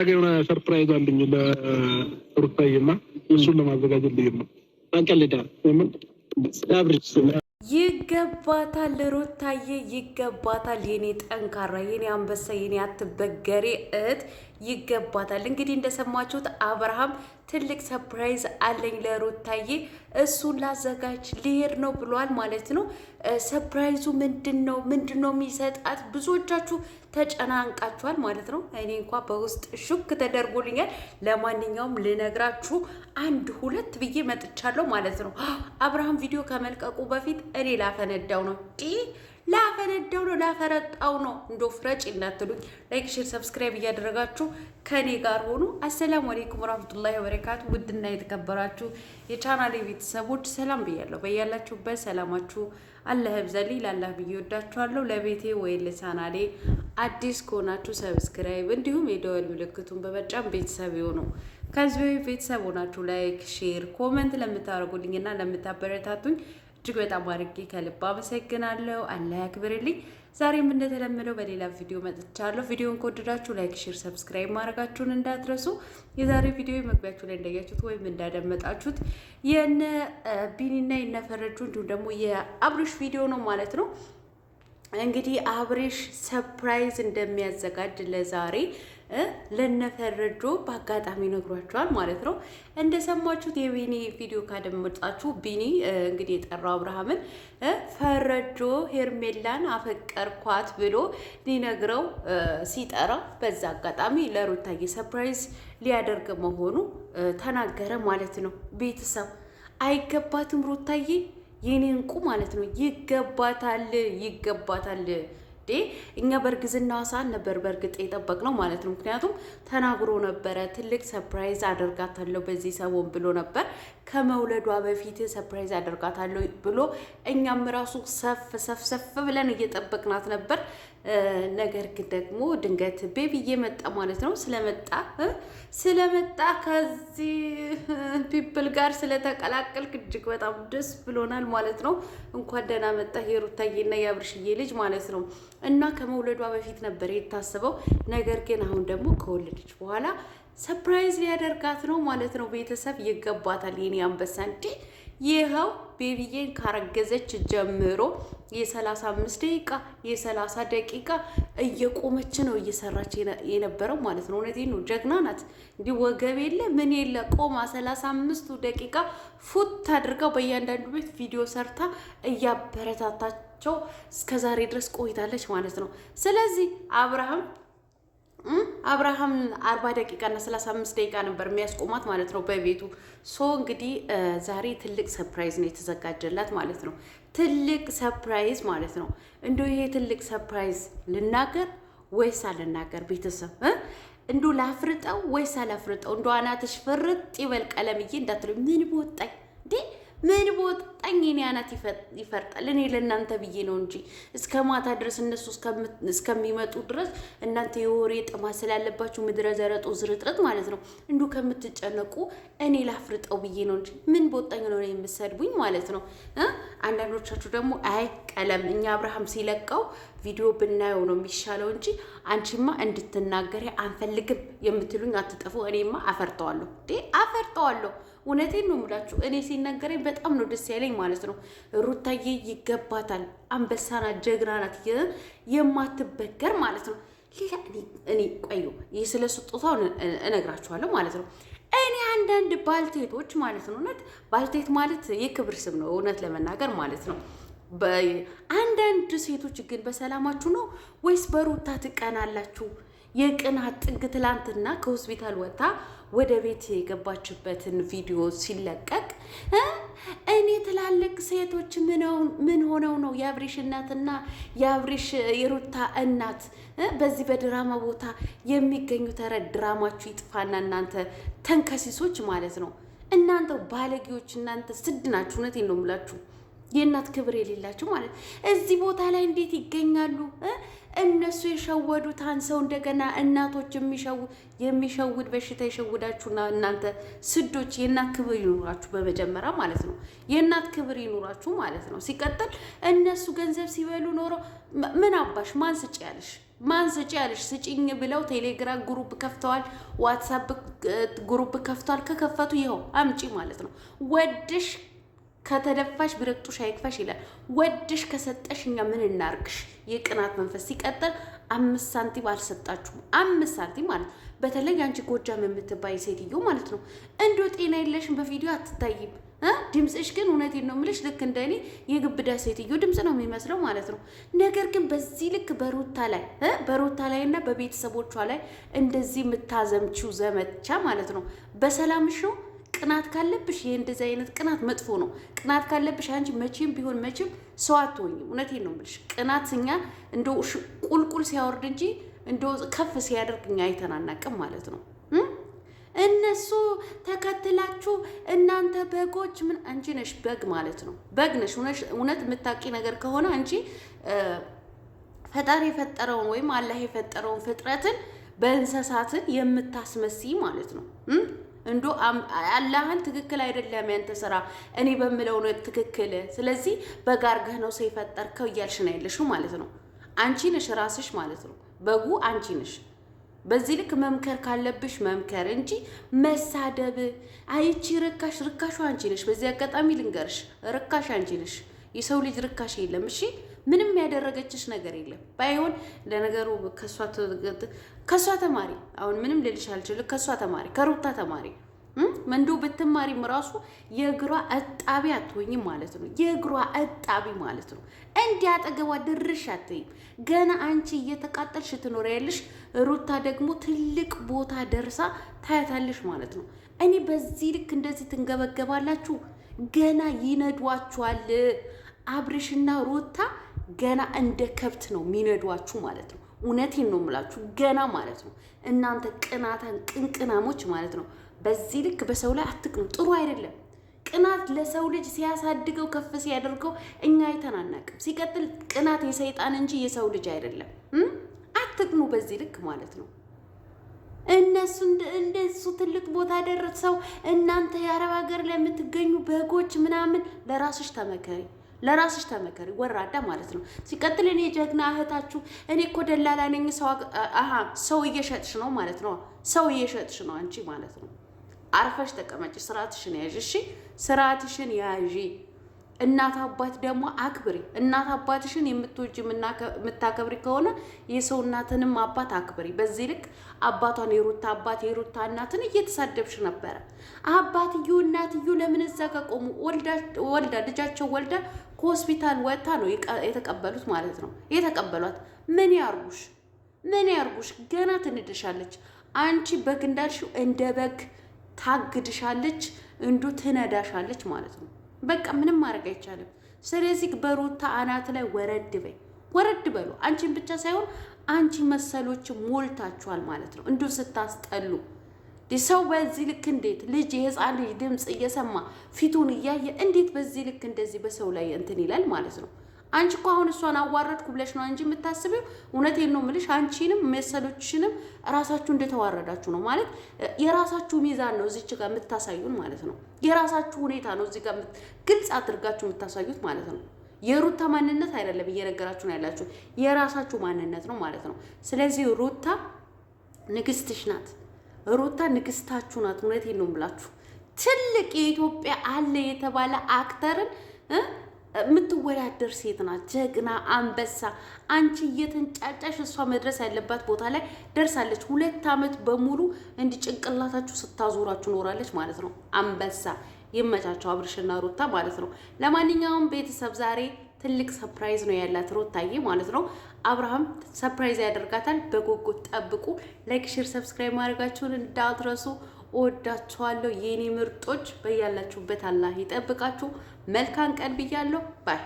ነገር የሆነ ሰርፕራይዝ አለኝ ለሩታዬና እሱን ለማዘጋጀት ልይት ነው። አቀልዳ ይገባታል፣ ሩታዬ ይገባታል። የኔ ጠንካራ፣ የኔ አንበሳ፣ የኔ አትበገሬ እህት ይገባታል። እንግዲህ እንደሰማችሁት አብርሃም ትልቅ ሰርፕራይዝ አለኝ ለሩታዬ እሱን ላዘጋጅ ሊሄድ ነው ብሏል ማለት ነው። ሰርፕራይዙ ምንድን ነው? ምንድን ነው የሚሰጣት? ብዙዎቻችሁ ተጨናንቃችኋል ማለት ነው። እኔ እንኳ በውስጥ ሹክ ተደርጎልኛል። ለማንኛውም ልነግራችሁ አንድ ሁለት ብዬ መጥቻለሁ ማለት ነው። አብርሃም ቪዲዮ ከመልቀቁ በፊት እኔ ላፈነዳው ነው ላፈነዳው ነው ላፈረጣው ነው። እንዶ ፍረጭ እንዳትሉኝ፣ ላይክ፣ ሼር፣ ሰብስክራይብ እያደረጋችሁ ከኔ ጋር ሆኑ። አሰላሙ አሌይኩም ወራህመቱላሂ ወበረካቱ። ውድና የተከበራችሁ የቻናሌ ቤተሰቦች ሰላም ብያለሁ። በያላችሁበት ሰላማችሁ አላህ ይብዛልኝ። ላላህ ብዬ ወዳችኋለሁ። ለቤቴ ወይ ለቻናሌ አዲስ ከሆናችሁ ሰብስክራይብ እንዲሁም የደወል ምልክቱን በመጫን ቤተሰብ የሆኑ ከዚህ ቤተሰብ ሆናችሁ ላይክ፣ ሼር፣ ኮመንት ለምታደርጉልኝና ለምታበረታቱኝ እጅግ በጣም አድርጌ ከልብ አመሰግናለሁ። አላህ ያክብርልኝ። ዛሬም እንደተለመደው በሌላ ቪዲዮ መጥቻለሁ። ቪዲዮን ከወደዳችሁ ላይክ፣ ሼር፣ ሰብስክራይብ ማድረጋችሁን እንዳትረሱ። የዛሬ ቪዲዮ መግቢያችሁ ላይ እንዳያችሁት ወይም እንዳደመጣችሁት የነ ቢኒና የነፈረጁ እንዲሁም ደግሞ የአብርሽ ቪዲዮ ነው ማለት ነው። እንግዲህ አብርሽ ሰርፕራይዝ እንደሚያዘጋጅ ለዛሬ ለነፈረጆ በአጋጣሚ ነግሯቸዋል ማለት ነው። እንደሰማችሁት የቢኒ ቪዲዮ ካደመጣችሁ ቢኒ እንግዲህ የጠራው አብርሃምን ፈረጆ ሄርሜላን አፈቀርኳት ብሎ ሊነግረው ሲጠራ በዛ አጋጣሚ ለሩታዬ ሰርፕራይዝ ሊያደርግ መሆኑ ተናገረ ማለት ነው። ቤተሰብ አይገባትም ሩታዬ የኔ እንቁ ማለት ነው። ይገባታል ይገባታል። ውዴ። እኛ በእርግዝና ሳን ነበር በእርግጥ የጠበቅነው ማለት ነው። ምክንያቱም ተናግሮ ነበረ ትልቅ ሰርፕራይዝ አደርጋታለሁ በዚህ ሰሞን ብሎ ነበር። ከመውለዷ በፊት ሰርፕራይዝ አደርጋታለሁ ብሎ እኛም ራሱ ሰፍ ሰፍ ሰፍ ብለን እየጠበቅናት ነበር። ነገር ግን ደግሞ ድንገት ቤቢዬ መጣ ማለት ነው። ስለመጣ ስለመጣ ከዚህ ፒፕል ጋር ስለተቀላቀልክ እጅግ በጣም ደስ ብሎናል ማለት ነው። እንኳን ደህና መጣ የሩታዬና የአብርሽዬ ልጅ ማለት ነው እና ከመውለዷ በፊት ነበር የታሰበው። ነገር ግን አሁን ደግሞ ከወለደች በኋላ ሰፕራይዝ ሊያደርጋት ነው ማለት ነው። ቤተሰብ ይገባታል። የኔ አንበሳ እንዲህ ይኸው ቤቢዬን ካረገዘች ጀምሮ የሰላሳ አምስት ደቂቃ የሰላሳ ደቂቃ እየቆመች ነው እየሰራች የነበረው ማለት ነው። እውነቴን ነው፣ ጀግና ናት። እንዲህ ወገብ የለ ምን የለ ቆማ ሰላሳ አምስቱ ደቂቃ ፉት አድርጋ በእያንዳንዱ ቤት ቪዲዮ ሰርታ እያበረታታቸው እስከዛሬ ድረስ ቆይታለች ማለት ነው። ስለዚህ አብርሃም አብርሃም አርባ ደቂቃ እና ሰላሳ አምስት ደቂቃ ነበር የሚያስቆማት ማለት ነው በቤቱ ሶ እንግዲህ ዛሬ ትልቅ ሰርፕራይዝ ነው የተዘጋጀላት ማለት ነው። ትልቅ ሰርፕራይዝ ማለት ነው። እንዶ ይሄ ትልቅ ሰርፕራይዝ ልናገር ወይስ አልናገር? ቤተሰብ እንዶ ላፍርጠው ወይስ አላፍርጠው? እንዶ አናትሽ ፍርጥ ይበል ቀለምዬ እንዳትሉ ምን በወጣኝ ምን በወጣኝ የኔ አናት ይፈርጣል። እኔ ለእናንተ ብዬ ነው እንጂ እስከ ማታ ድረስ እነሱ እስከሚመጡ ድረስ እናንተ የወሬ ጥማት ስላለባችሁ ምድረ ዘረጦ ዝርጥርጥ ማለት ነው እንዱ ከምትጨነቁ እኔ ላፍርጠው ብዬ ነው እንጂ ምን ቦጣኝ ነው የምሰድቡኝ ማለት ነው። አንዳንዶቻችሁ ደግሞ አይ ቀለም እኛ አብርሃም ሲለቀው ቪዲዮ ብናየው ነው የሚሻለው እንጂ አንቺማ እንድትናገሪ አንፈልግም የምትሉኝ አትጠፉ። እኔማ አፈርጠዋለሁ አፈርጠዋለሁ። እውነቴን ነው የምላችሁ። እኔ ሲናገረኝ በጣም ነው ደስ ያለኝ ማለት ነው። ሩታዬ ይገባታል። አንበሳና ጀግናናት የማትበገር ማለት ነው። ሌላ እኔ ቆዩ ይህ ስለ ስጦታው እነግራችኋለሁ ማለት ነው። እኔ አንዳንድ ባልቴቶች ማለት ነው እውነት ባልቴት ማለት የክብር ስም ነው እውነት ለመናገር ማለት ነው አንዳንድ ሴቶች ግን በሰላማችሁ ነው ወይስ በሩታ ትቀናላችሁ? የቅናት ጥግ ትላንትና ከሆስፒታል ወጥታ ወደ ቤት የገባችበትን ቪዲዮ ሲለቀቅ እኔ ትላልቅ ሴቶች ምን ሆነው ነው የአብሬሽ እናትና የአብሬሽ የሩታ እናት በዚህ በድራማ ቦታ የሚገኙ ተረት ድራማችሁ ይጥፋና እናንተ ተንከሲሶች ማለት ነው። እናንተ ባለጌዎች፣ እናንተ ስድ ናችሁ። እውነቴን ነው የምላችሁ። የእናት ክብር የሌላቸው ማለት እዚህ ቦታ ላይ እንዴት ይገኛሉ? እነሱ የሸወዱት አንሰው እንደገና እናቶች የሚሸውድ በሽታ የሸውዳችሁና እናንተ ስዶች የእናት ክብር ይኑራችሁ በመጀመሪያ ማለት ነው። የእናት ክብር ይኑራችሁ ማለት ነው። ሲቀጥል እነሱ ገንዘብ ሲበሉ ኖሮ ምን አባሽ ማን ስጭ ያለሽ ማን ስጭ ያለሽ ስጭኝ ብለው ቴሌግራም ግሩፕ ከፍተዋል፣ ዋትሳፕ ግሩፕ ከፍተዋል። ከከፈቱ ይኸው አምጪ ማለት ነው ወድሽ ከተደፋሽ ብረግጡሽ አይክፋሽ ይላል። ወድሽ ከሰጠሽ እኛ ምን እናርግሽ? የቅናት መንፈስ ሲቀጥል፣ አምስት ሳንቲም አልሰጣችሁም። አምስት ሳንቲም ማለት በተለይ አንቺ ጎጃም የምትባይ ሴትዮ ማለት ነው። እንዶ ጤና የለሽም፣ በቪዲዮ አትታይም። ድምፅሽ ግን እውነቴን ነው የምልሽ፣ ልክ እንደ እኔ የግብዳ ሴትዮ ድምፅ ነው የሚመስለው ማለት ነው። ነገር ግን በዚህ ልክ በሩታ ላይ በሩታ ላይ እና በቤተሰቦቿ ላይ እንደዚህ የምታዘምችው ዘመቻ ማለት ነው በሰላምሽ ነው ቅናት ካለብሽ ይህ እንደዚህ አይነት ቅናት መጥፎ ነው። ቅናት ካለብሽ አንቺ መቼም ቢሆን መቼም ሰው አትሆኝም። እውነቴን ነው የምልሽ። ቅናት እኛ እንደ ቁልቁል ሲያወርድ እንጂ እንደ ከፍ ሲያደርግ እኛ አይተናናቅም ማለት ነው። እነሱ ተከትላችሁ እናንተ በጎች ምን አንቺ ነሽ በግ ማለት ነው። በግ ነሽ እውነት የምታውቂ ነገር ከሆነ አንቺ ፈጣሪ የፈጠረውን ወይም አላህ የፈጠረውን ፍጥረትን በእንስሳትን የምታስመስይ ማለት ነው። እንዶ አላህን ትክክል አይደለም ያንተ ስራ፣ እኔ በምለው ነው ትክክል። ስለዚህ በጋርገህ ነው ሰው የፈጠርከው እያልሽ ነው ያለሽው ማለት ነው። አንቺ ነሽ ራስሽ ማለት ነው። በጉ አንቺ ነሽ። በዚህ ልክ መምከር ካለብሽ መምከር እንጂ መሳደብ አይቺ ርካሽ ርካሹ አንቺ ነሽ። በዚህ አጋጣሚ ልንገርሽ፣ ርካሽ አንቺ ነሽ። የሰው ልጅ ርካሽ የለም። እሺ ምንም ያደረገችሽ ነገር የለም። ባይሆን ለነገሩ ከእሷ ተማሪ አሁን ምንም ልልሽ አልችል። ከእሷ ተማሪ ከሩታ ተማሪ መንዶ ብትማሪም ራሱ የእግሯ እጣቢ አትሆኝም ማለት ነው። የእግሯ እጣቢ ማለት ነው። እንዲህ አጠገቧ ድርሽ አትይም። ገና አንቺ እየተቃጠልሽ ትኖሪያለሽ፣ ሩታ ደግሞ ትልቅ ቦታ ደርሳ ታያታለሽ ማለት ነው። እኔ በዚህ ልክ እንደዚህ ትንገበገባላችሁ፣ ገና ይነዷችኋል። አብርሽና ሩታ ገና እንደ ከብት ነው የሚነዷችሁ ማለት ነው። እውነቴን ነው የምላችሁ ገና ማለት ነው። እናንተ ቅናታን ቅንቅናሞች ማለት ነው። በዚህ ልክ በሰው ላይ አትቅኑ፣ ጥሩ አይደለም። ቅናት ለሰው ልጅ ሲያሳድገው ከፍ ሲያደርገው እኛ አይተናናቅም። ሲቀጥል ቅናት የሰይጣን እንጂ የሰው ልጅ አይደለም። አትቅኑ በዚህ ልክ ማለት ነው። እነሱ እንደሱ ትልቅ ቦታ ደረሰው። እናንተ የአረብ ሀገር ለምትገኙ በጎች ምናምን ለራሶች ተመከሪ ለራስሽ ተመከሪ፣ ወራዳ ማለት ነው። ሲቀጥል እኔ ጀግና እህታችሁ እኔ እኮ ደላላ ነኝ። ሰው እየሸጥሽ ነው ማለት ነው። ሰው እየሸጥሽ ነው አንቺ ማለት ነው። አርፈሽ ተቀመጭ፣ ስርዓትሽን ያዥ። እሺ ስርዓትሽን ያዥ። እናት አባት ደግሞ አክብሪ። እናት አባትሽን የምትወጂ የምታከብሪ ከሆነ የሰው እናትንም አባት አክብሪ። በዚህ ልክ አባቷን የሩታ አባት የሩታ እናትን እየተሳደብሽ ነበረ። አባትዩ እናትዩ ለምን እዛ ጋ ቆሙ? ወልዳ ልጃቸው ወልዳ ከሆስፒታል ወጥታ ነው የተቀበሉት ማለት ነው የተቀበሏት። ምን ያርጉሽ? ምን ያርጉሽ? ገና ትንድሻለች። አንቺ በግ እንዳልሽው እንደ በግ ታግድሻለች፣ እንዱ ትነዳሻለች ማለት ነው። በቃ ምንም ማድረግ አይቻልም። ስለዚህ በሩታ አናት ላይ ወረድ በይ ወረድ በሉ። አንቺን ብቻ ሳይሆን አንቺ መሰሎች ሞልታችኋል ማለት ነው። እንዱ ስታስጠሉ ሰው በዚህ ልክ እንዴት ልጅ የህፃን ልጅ ድምፅ እየሰማ ፊቱን እያየ እንዴት በዚህ ልክ እንደዚህ በሰው ላይ እንትን ይላል ማለት ነው። አንቺ እኮ አሁን እሷን አዋረድኩ ብለሽ ነው እንጂ የምታስቢው። እውነቴን ነው የምልሽ፣ አንቺንም መሰሎችንም ራሳችሁ እንደተዋረዳችሁ ነው ማለት የራሳችሁ ሚዛን ነው እዚች ጋር የምታሳዩን ማለት ነው። የራሳችሁ ሁኔታ ነው እዚህ ጋር ግልጽ አድርጋችሁ የምታሳዩት ማለት ነው። የሩታ ማንነት አይደለም እየነገራችሁ ነው ያላችሁ፣ የራሳችሁ ማንነት ነው ማለት ነው። ስለዚህ ሩታ ንግስትሽ ናት። ሩታ ንግስታችሁ ናት። እውነቴን ነው የምላችሁ። ትልቅ የኢትዮጵያ አለ የተባለ አክተርን የምትወዳደር ሴት ናት። ጀግና አንበሳ። አንቺ እየተንጫጫሽ እሷ መድረስ ያለባት ቦታ ላይ ደርሳለች። ሁለት ዓመት በሙሉ እንዲ ጭንቅላታችሁ ስታዞራችሁ ኖራለች ማለት ነው። አንበሳ ይመቻቸው፣ አብርሽና ሩታ ማለት ነው። ለማንኛውም ቤተሰብ ዛሬ ትልቅ ሰፕራይዝ ነው ያላት ሩታዬ ማለት ነው። አብርሃም ሰፕራይዝ ያደርጋታል። በጉጉት ጠብቁ። ላይክ፣ ሼር፣ ሰብስክራይብ ማድረጋችሁን እንዳትረሱ። እወዳችኋለሁ የኔ ምርጦች። በያላችሁበት አላህ ይጠብቃችሁ። መልካም ቀን ብያለሁ ባይ